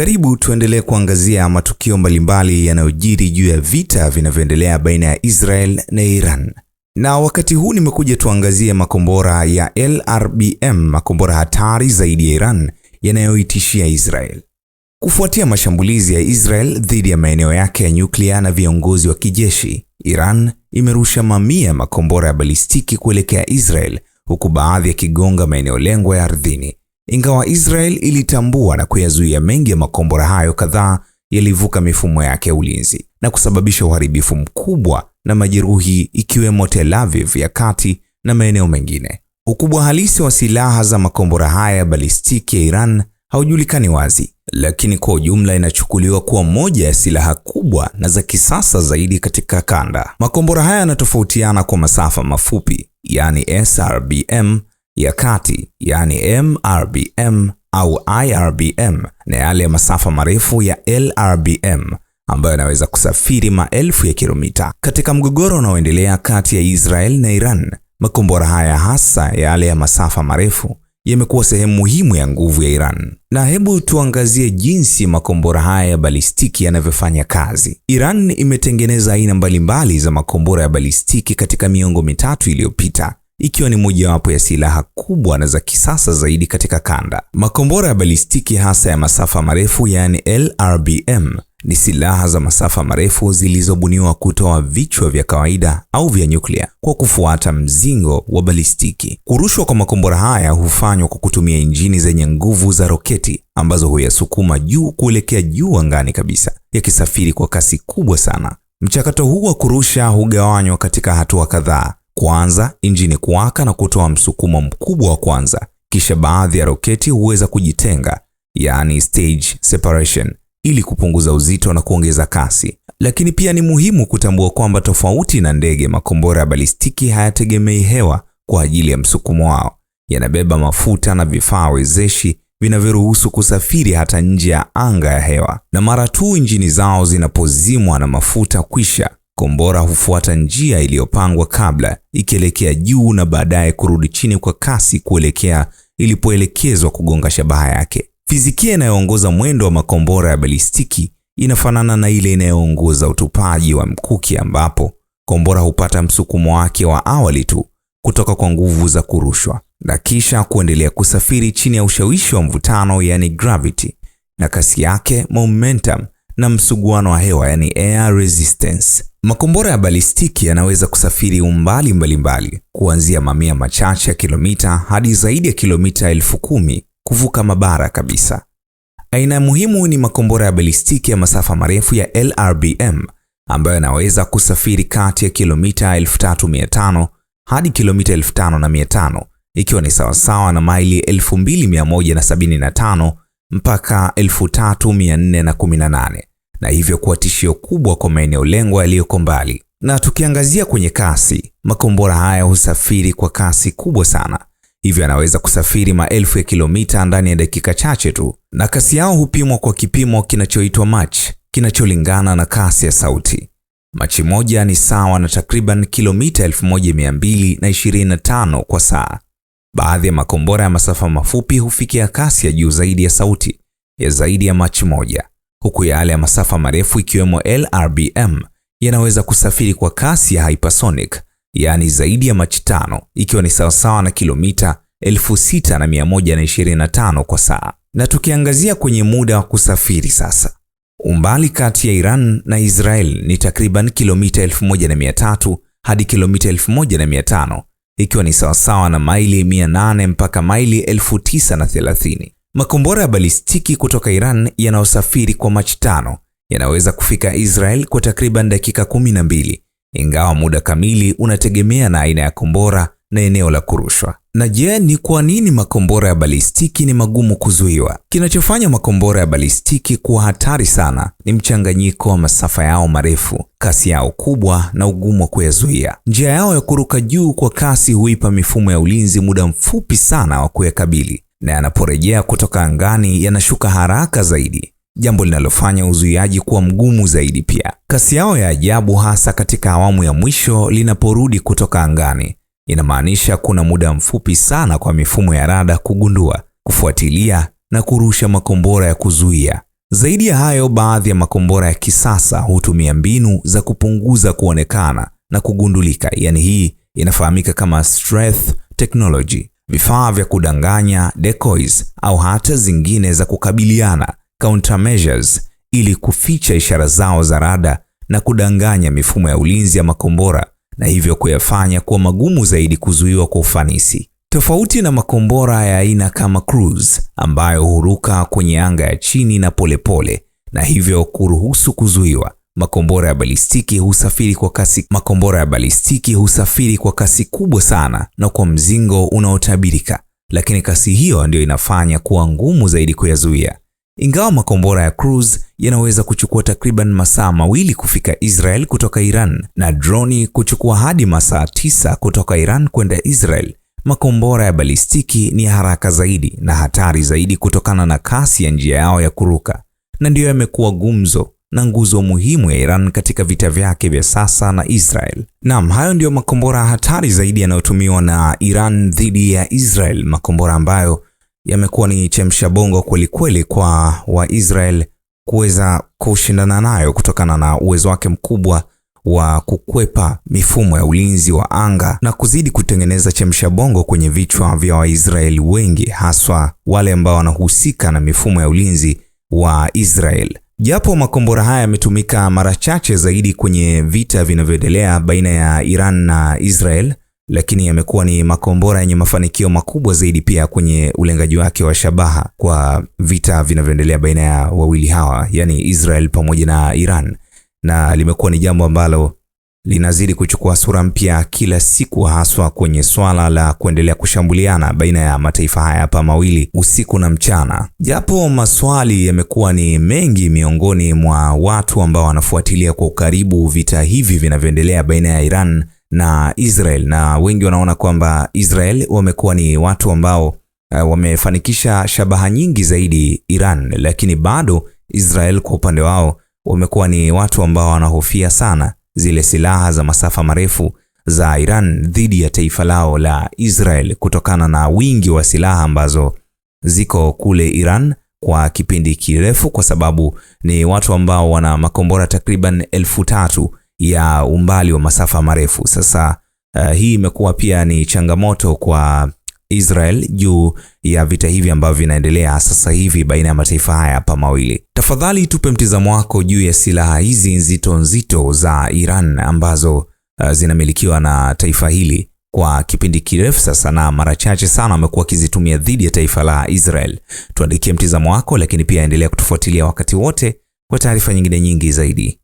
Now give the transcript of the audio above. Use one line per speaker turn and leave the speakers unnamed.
Karibu tuendelee kuangazia matukio mbalimbali yanayojiri juu ya vita vinavyoendelea baina ya Israel na Iran. Na wakati huu nimekuja tuangazie makombora ya LRBM, makombora hatari zaidi ya Iran yanayoitishia Israel. Kufuatia mashambulizi ya Israel dhidi ya maeneo yake ya nyuklia na viongozi wa kijeshi, Iran imerusha mamia makombora ya balistiki kuelekea Israel huku baadhi yakigonga maeneo lengwa ya ardhini. Ingawa Israel ilitambua na kuyazuia mengi ya makombora hayo, kadhaa yalivuka mifumo yake ya ulinzi na kusababisha uharibifu mkubwa na majeruhi, ikiwemo Tel Aviv ya kati na maeneo mengine. Ukubwa halisi wa silaha za makombora haya ya balistiki ya Iran haujulikani wazi, lakini kwa ujumla inachukuliwa kuwa moja ya silaha kubwa na za kisasa zaidi katika kanda. Makombora haya yanatofautiana kwa masafa mafupi, yani SRBM ya kati yani MRBM au IRBM na yale ya masafa marefu ya LRBM ambayo yanaweza kusafiri maelfu ya kilomita. Katika mgogoro unaoendelea kati ya Israel na Iran, makombora haya hasa yale ya masafa marefu yamekuwa sehemu muhimu ya nguvu ya Iran. Na hebu tuangazie jinsi makombora haya ya balistiki yanavyofanya kazi. Iran imetengeneza aina mbalimbali za makombora ya balistiki katika miongo mitatu iliyopita ikiwa ni mojawapo ya silaha kubwa na za kisasa zaidi katika kanda. Makombora ya balistiki hasa ya masafa marefu yaani LRBM ni silaha za masafa marefu zilizobuniwa kutoa vichwa vya kawaida au vya nyuklia kwa kufuata mzingo wa balistiki. Kurushwa kwa makombora haya hufanywa kwa kutumia injini zenye nguvu za roketi ambazo huyasukuma juu kuelekea juu angani kabisa, yakisafiri kwa kasi kubwa sana. Mchakato huu wa kurusha hugawanywa katika hatua kadhaa kwanza injini kuwaka na kutoa msukumo mkubwa wa kwanza, kisha baadhi ya roketi huweza kujitenga, yani stage separation, ili kupunguza uzito na kuongeza kasi. Lakini pia ni muhimu kutambua kwamba tofauti na ndege, makombora ya balistiki hayategemei hewa kwa ajili ya msukumo wao. Yanabeba mafuta na vifaa wezeshi vinavyoruhusu kusafiri hata nje ya anga ya hewa, na mara tu injini zao zinapozimwa na mafuta kwisha Kombora hufuata njia iliyopangwa kabla, ikielekea juu na baadaye kurudi chini kwa kasi kuelekea ilipoelekezwa kugonga shabaha yake. Fizikia inayoongoza mwendo wa makombora ya balistiki inafanana na ile inayoongoza utupaji wa mkuki, ambapo kombora hupata msukumo wake wa awali tu kutoka kwa nguvu za kurushwa na kisha kuendelea kusafiri chini ya ushawishi wa mvutano, yani gravity, na kasi yake momentum, na msuguano wa hewa, yani air resistance. Makombora ya balistiki yanaweza kusafiri umbali mbalimbali, kuanzia mamia machache ya kilomita hadi zaidi ya kilomita elfu kumi kuvuka mabara kabisa. Aina muhimu ni makombora ya balistiki ya masafa marefu ya LRBM ambayo yanaweza kusafiri kati ya kilomita 3500 hadi kilomita 5500 ikiwa ni sawasawa na maili 2175 mpaka 3418 na hivyo kuwa tishio kubwa kwa maeneo lengwa yaliyoko mbali. Na tukiangazia kwenye kasi, makombora haya husafiri kwa kasi kubwa sana, hivyo yanaweza kusafiri maelfu ya kilomita ndani ya dakika chache tu, na kasi yao hupimwa kwa kipimo kinachoitwa Mach kinacholingana na kasi ya sauti. Machi moja ni sawa na takriban kilomita 1225 kwa saa. Baadhi ya makombora ya masafa mafupi hufikia kasi ya juu zaidi ya sauti ya zaidi ya machi moja huku yale ya masafa marefu ikiwemo LRBM yanaweza kusafiri kwa kasi ya hypersonic, yaani zaidi ya machi tano, ikiwa ni sawasawa na kilomita 6125 kwa saa. Na tukiangazia kwenye muda wa kusafiri sasa, umbali kati ya Iran na Israel ni takriban kilomita 1300 hadi kilomita 1500 ikiwa ni sawasawa na maili 800 mpaka maili 9030. Makombora ya balistiki kutoka Iran yanayosafiri kwa machi tano yanaweza kufika Israel kwa takriban dakika mbili, ingawa muda kamili unategemea na aina ya kombora na eneo la kurushwa. Na je, ni kwa nini makombora ya balistiki ni magumu kuzuiwa? Kinachofanya makombora ya balistiki kuwa hatari sana ni mchanganyiko wa masafa yao marefu, kasi yao kubwa na ugumu wa kuyazuia. Njia yao ya kuruka juu kwa kasi huipa mifumo ya ulinzi muda mfupi sana wa kuyakabili na yanaporejea kutoka angani yanashuka haraka zaidi, jambo linalofanya uzuiaji kuwa mgumu zaidi. Pia kasi yao ya ajabu, hasa katika awamu ya mwisho linaporudi kutoka angani, inamaanisha kuna muda mfupi sana kwa mifumo ya rada kugundua, kufuatilia na kurusha makombora ya kuzuia. Zaidi ya hayo, baadhi ya makombora ya kisasa hutumia mbinu za kupunguza kuonekana na kugundulika, yani hii inafahamika kama stealth technology vifaa vya kudanganya decoys, au hata zingine za kukabiliana countermeasures, ili kuficha ishara zao za rada na kudanganya mifumo ya ulinzi ya makombora na hivyo kuyafanya kuwa magumu zaidi kuzuiwa kwa ufanisi. Tofauti na makombora ya aina kama cruise ambayo huruka kwenye anga ya chini na polepole pole, na hivyo kuruhusu kuzuiwa Makombora ya balistiki husafiri kwa kasi, makombora ya balistiki husafiri kwa kasi kubwa sana na kwa mzingo unaotabirika, lakini kasi hiyo ndiyo inafanya kuwa ngumu zaidi kuyazuia. Ingawa makombora ya cruise yanaweza kuchukua takriban masaa mawili kufika Israel kutoka Iran na droni kuchukua hadi masaa tisa kutoka Iran kwenda Israel, makombora ya balistiki ni haraka zaidi na hatari zaidi kutokana na kasi ya njia yao ya kuruka, na ndiyo yamekuwa gumzo na nguzo muhimu ya Iran katika vita vyake vya sasa na Israel. Naam, hayo ndiyo makombora hatari zaidi yanayotumiwa na Iran dhidi ya Israel, makombora ambayo yamekuwa ni chemsha bongo kweli kweli kwa Waisrael kuweza kushindana nayo kutokana na uwezo wake mkubwa wa kukwepa mifumo ya ulinzi wa anga na kuzidi kutengeneza chemsha bongo kwenye vichwa vya Waisraeli wengi, haswa wale ambao wanahusika na mifumo ya ulinzi wa Israel. Japo makombora haya yametumika mara chache zaidi kwenye vita vinavyoendelea baina ya Iran na Israel, lakini yamekuwa ni makombora yenye mafanikio makubwa zaidi pia kwenye ulengaji wake wa shabaha kwa vita vinavyoendelea baina ya wawili hawa, yani Israel pamoja na Iran, na limekuwa ni jambo ambalo linazidi kuchukua sura mpya kila siku, haswa kwenye swala la kuendelea kushambuliana baina ya mataifa haya hapa mawili usiku na mchana. Japo maswali yamekuwa ni mengi miongoni mwa watu ambao wanafuatilia kwa ukaribu vita hivi vinavyoendelea baina ya Iran na Israel, na wengi wanaona kwamba Israel wamekuwa ni watu ambao eh, wamefanikisha shabaha nyingi zaidi Iran, lakini bado Israel kwa upande wao wamekuwa ni watu ambao wanahofia sana zile silaha za masafa marefu za Iran dhidi ya taifa lao la Israel kutokana na wingi wa silaha ambazo ziko kule Iran kwa kipindi kirefu, kwa sababu ni watu ambao wana makombora takriban elfu tatu ya umbali wa masafa marefu. Sasa uh, hii imekuwa pia ni changamoto kwa Israel juu ya vita hivi ambavyo vinaendelea sasa hivi baina ya mataifa haya hapa mawili. Tafadhali tupe mtizamo wako juu ya silaha hizi nzito nzito za Iran ambazo uh, zinamilikiwa na taifa hili kwa kipindi kirefu sasa na mara chache sana wamekuwa wakizitumia dhidi ya taifa la Israel. Tuandikie mtizamo wako, lakini pia endelea kutufuatilia wakati wote kwa taarifa nyingine nyingi zaidi.